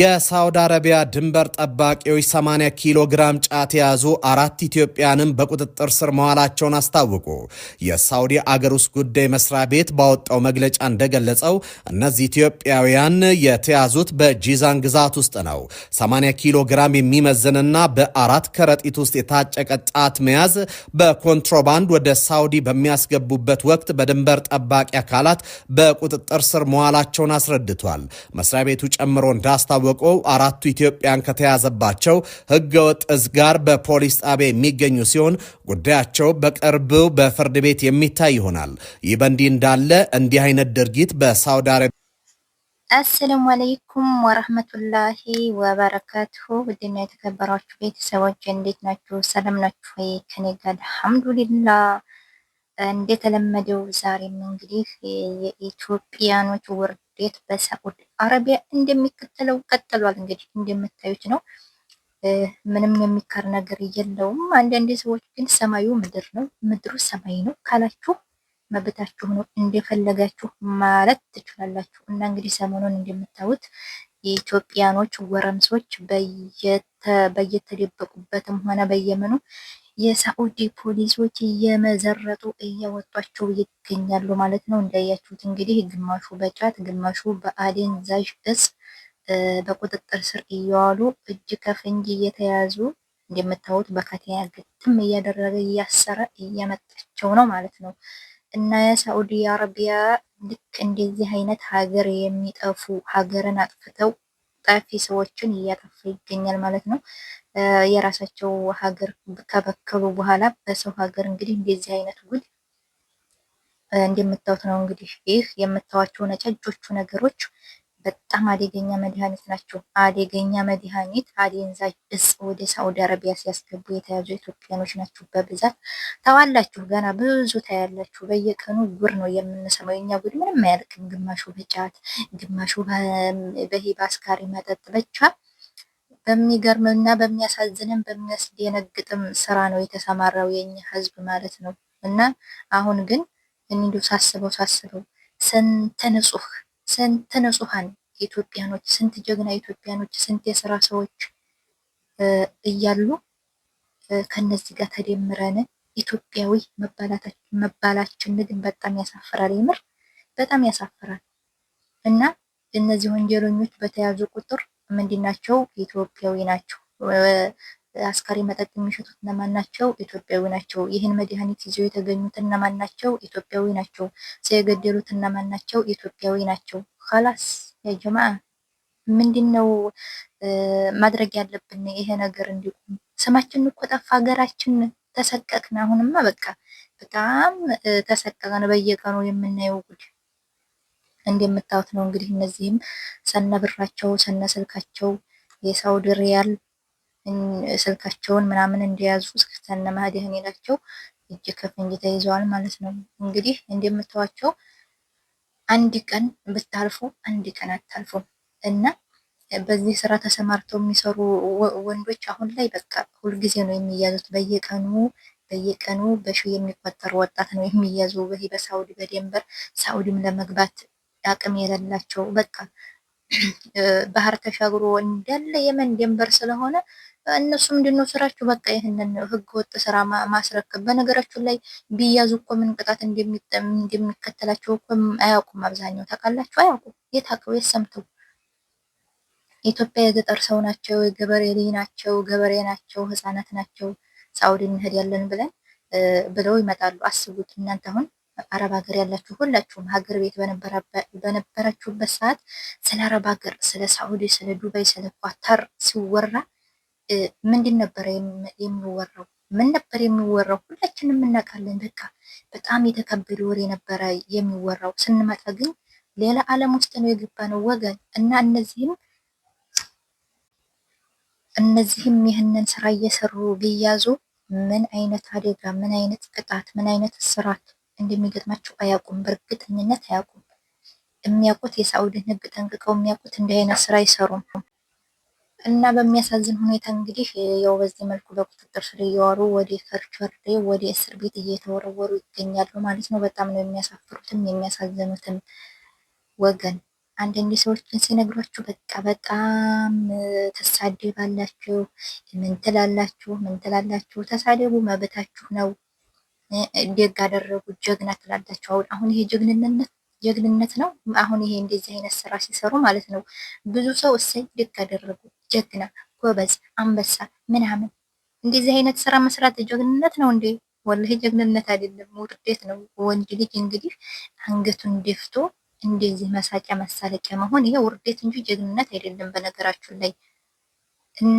የሳውዲ አረቢያ ድንበር ጠባቂዎች 80 ኪሎ ግራም ጫት የያዙ አራት ኢትዮጵያንም በቁጥጥር ስር መዋላቸውን አስታወቁ። የሳውዲ አገር ውስጥ ጉዳይ መስሪያ ቤት ባወጣው መግለጫ እንደገለጸው እነዚህ ኢትዮጵያውያን የተያዙት በጂዛን ግዛት ውስጥ ነው። 80 ኪሎ ግራም የሚመዝንና በአራት ከረጢት ውስጥ የታጨቀ ጫት መያዝ በኮንትሮባንድ ወደ ሳውዲ በሚያስገቡበት ወቅት በድንበር ጠባቂ አካላት በቁጥጥር ስር መዋላቸውን አስረድቷል። መስሪያ ቤቱ ጨምሮ እንዳስታወቁ እንደሚታወቀው አራቱ ኢትዮጵያን ከተያዘባቸው ህገወጥ እዝ ጋር በፖሊስ ጣቢያ የሚገኙ ሲሆን ጉዳያቸው በቅርብ በፍርድ ቤት የሚታይ ይሆናል። ይህ በእንዲህ እንዳለ እንዲህ አይነት ድርጊት በሳውዲ አረቢያ አሰላሙ አለይኩም ወረህመቱላሂ ወበረካቱሁ። ውድና የተከበራችሁ ቤተሰቦች እንዴት ናችሁ? ሰላም ናችሁ ወይ? ከኔ ጋር አልሐምዱሊላ። እንደተለመደው ዛሬም እንግዲህ የኢትዮጵያኖች ውርደት በሳዑድ አረቢያ እንደሚከተለው ቀጥሏል። እንግዲህ እንደምታዩት ነው። ምንም የሚከር ነገር የለውም። አንዳንድ ሰዎች ግን ሰማዩ ምድር ነው፣ ምድሩ ሰማይ ነው ካላችሁ መብታችሁ ነው፣ እንደፈለጋችሁ ማለት ትችላላችሁ። እና እንግዲህ ሰሞኑን እንደምታዩት የኢትዮጵያኖች ጎረምሶች በየተደበቁበትም ሆነ በየምኑ የሳዑዲ ፖሊሶች እየመዘረጡ እያወጧቸው ይገኛሉ ማለት ነው። እንዳያችሁት እንግዲህ ግማሹ በጫት ግማሹ በአደንዛዥ እጽ በቁጥጥር ስር እየዋሉ እጅ ከፍንጅ እየተያዙ እንደምታዩት በካቴና ግጥም እያደረገ እያሰረ እያመጣቸው ነው ማለት ነው። እና የሳዑዲ አረቢያ ልክ እንደዚህ አይነት ሀገር የሚጠፉ ሀገርን አጥፍተው ጠፊ ሰዎችን እያጠፋ ይገኛል ማለት ነው። የራሳቸው ሀገር ከበከሉ በኋላ በሰው ሀገር እንግዲህ እንደዚህ አይነት ጉድ እንደምታዩት ነው። እንግዲህ ይህ የምታዋቸው ነጫጮቹ ነገሮች በጣም አደገኛ መድኃኒት ናቸው። አደገኛ መድኃኒት አደንዛዥ እጽ ወደ ሳውዲ አረቢያ ሲያስገቡ የተያዙ ኢትዮጵያኖች ናቸው በብዛት ታዋላችሁ። ገና ብዙ ታያላችሁ። በየቀኑ ጉር ነው የምንሰማው። የኛ ጉድ ምንም አያልቅም። ግማሹ በጫት ግማሹ በሂባ መጠጥ ብቻ በሚገርም እና በሚያሳዝንም በሚያስደነግጥም ስራ ነው የተሰማራው የኛ ህዝብ ማለት ነው። እና አሁን ግን እንዱ ሳስበው ሳስበው ስንት ንጹህ ስንት ንጹሃን ኢትዮጵያኖች ስንት ጀግና ኢትዮጵያኖች ስንት የስራ ሰዎች እያሉ ከነዚህ ጋር ተደምረን ኢትዮጵያዊ መባላችን ግን በጣም ያሳፍራል። የምር በጣም ያሳፍራል። እና እነዚህ ወንጀለኞች በተያዙ ቁጥር ምንድን ናቸው? ኢትዮጵያዊ ናቸው። አስካሪ መጠጥ የሚሸጡት እነማን ናቸው? ኢትዮጵያዊ ናቸው። ይህን መድኃኒት ይዘው የተገኙት እነማን ናቸው? ኢትዮጵያዊ ናቸው። ሲገደሉት የገደሉት እነማን ናቸው? ኢትዮጵያዊ ናቸው። ከላስ ያጀማ ምንድን ነው ማድረግ ያለብን? ይሄ ነገር እንዲቆም። ስማችን እኮ ጠፋ፣ ሀገራችን ተሰቀቅን። አሁንማ በቃ በጣም ተሰቀቀን በየቀኑ የምናየው ጉድ እንደምታዩት ነው እንግዲህ እነዚህም ሰነ ብራቸው ሰነ ስልካቸው የሳውዲ ሪያል ስልካቸውን ምናምን እንደያዙ ሰነ ይላቸው እጅ ከፍንጅ ተይዘዋል ማለት ነው። እንግዲህ እንደምታዋቸው አንድ ቀን ብታልፉ አንድ ቀን አታልፉም እና በዚህ ስራ ተሰማርተው የሚሰሩ ወንዶች አሁን ላይ በቃ ሁልጊዜ ነው የሚያዙት። በየቀኑ በየቀኑ በሺ የሚቆጠሩ ወጣት ነው የሚያዙ በዚህ በሳውዲ በደንበር ሳውዲም ለመግባት አቅም የሌላቸው በቃ ባህር ተሻግሮ እንዳለ የመን ድንበር ስለሆነ እነሱ ምንድን ነው ስራችሁ? በቃ ይህንን ህገወጥ ስራ ማስረከብ። በነገራችሁ ላይ ቢያዙ እኮ ምን ቅጣት እንደሚከተላቸው እኮ አያውቁም። አብዛኛው ታውቃላችሁ፣ አያውቁም። የት አውቀው የት ሰምተው። ኢትዮጵያ የገጠር ሰው ናቸው፣ የገበሬ ልጅ ናቸው፣ ገበሬ ናቸው፣ ህፃናት ናቸው። ሳውዲ እንሄድ ያለን ብለን ብለው ይመጣሉ። አስቡት እናንተ አሁን አረብ ሀገር ያላችሁ ሁላችሁም ሀገር ቤት በነበራችሁበት ሰዓት ስለ አረብ ሀገር፣ ስለ ሳዑዲ፣ ስለ ዱባይ፣ ስለ ኳተር ሲወራ ምንድን ነበረ የሚወራው? ምን ነበር የሚወራው? ሁላችንም እናውቃለን። በቃ በጣም የተከበደ ወሬ ነበረ የሚወራው። ስንመጣ ግን ሌላ ዓለም ውስጥ ነው የገባ ነው ወገን እና እነዚህም እነዚህም ይህንን ስራ እየሰሩ ቢያዙ ምን አይነት አደጋ፣ ምን አይነት ቅጣት፣ ምን አይነት እስራት እንደሚገጥማቸው አያውቁም። በእርግጠኝነት አያውቁም። የሚያውቁት የሳኡድን ህግ ጠንቅቀው የሚያውቁት እንዲህ አይነት ስራ አይሰሩም። እና በሚያሳዝን ሁኔታ እንግዲህ ያው በዚህ መልኩ በቁጥጥር ስር እየዋሉ ወደ ከርቸሬ ወደ እስር ቤት እየተወረወሩ ይገኛሉ ማለት ነው። በጣም ነው የሚያሳፍሩትም የሚያሳዝኑትም። ወገን አንዳንድ ሰዎችን ሲነግሯችሁ በቃ በጣም ተሳደባላችሁ፣ ምን ትላላችሁ፣ ምን ትላላችሁ። ተሳደቡ መብታችሁ ነው። ደግ አደረጉ፣ ጀግና ትላላቸው አሁን አሁን ይሄ ጀግንነት ጀግንነት ነው። አሁን ይሄ እንደዚህ አይነት ስራ ሲሰሩ ማለት ነው ብዙ ሰው እሰይ ደግ አደረጉ፣ ጀግና፣ ጎበዝ፣ አንበሳ ምናምን እንደዚህ አይነት ስራ መስራት ጀግንነት ነው እንዴ? ወላሂ ጀግንነት አይደለም፣ ውርደት ነው። ወንድ ልጅ እንግዲህ አንገቱን ደፍቶ እንደዚህ መሳቂያ መሳለቂያ መሆን ይሄ ውርደት እንጂ ጀግንነት አይደለም። በነገራችን ላይ እና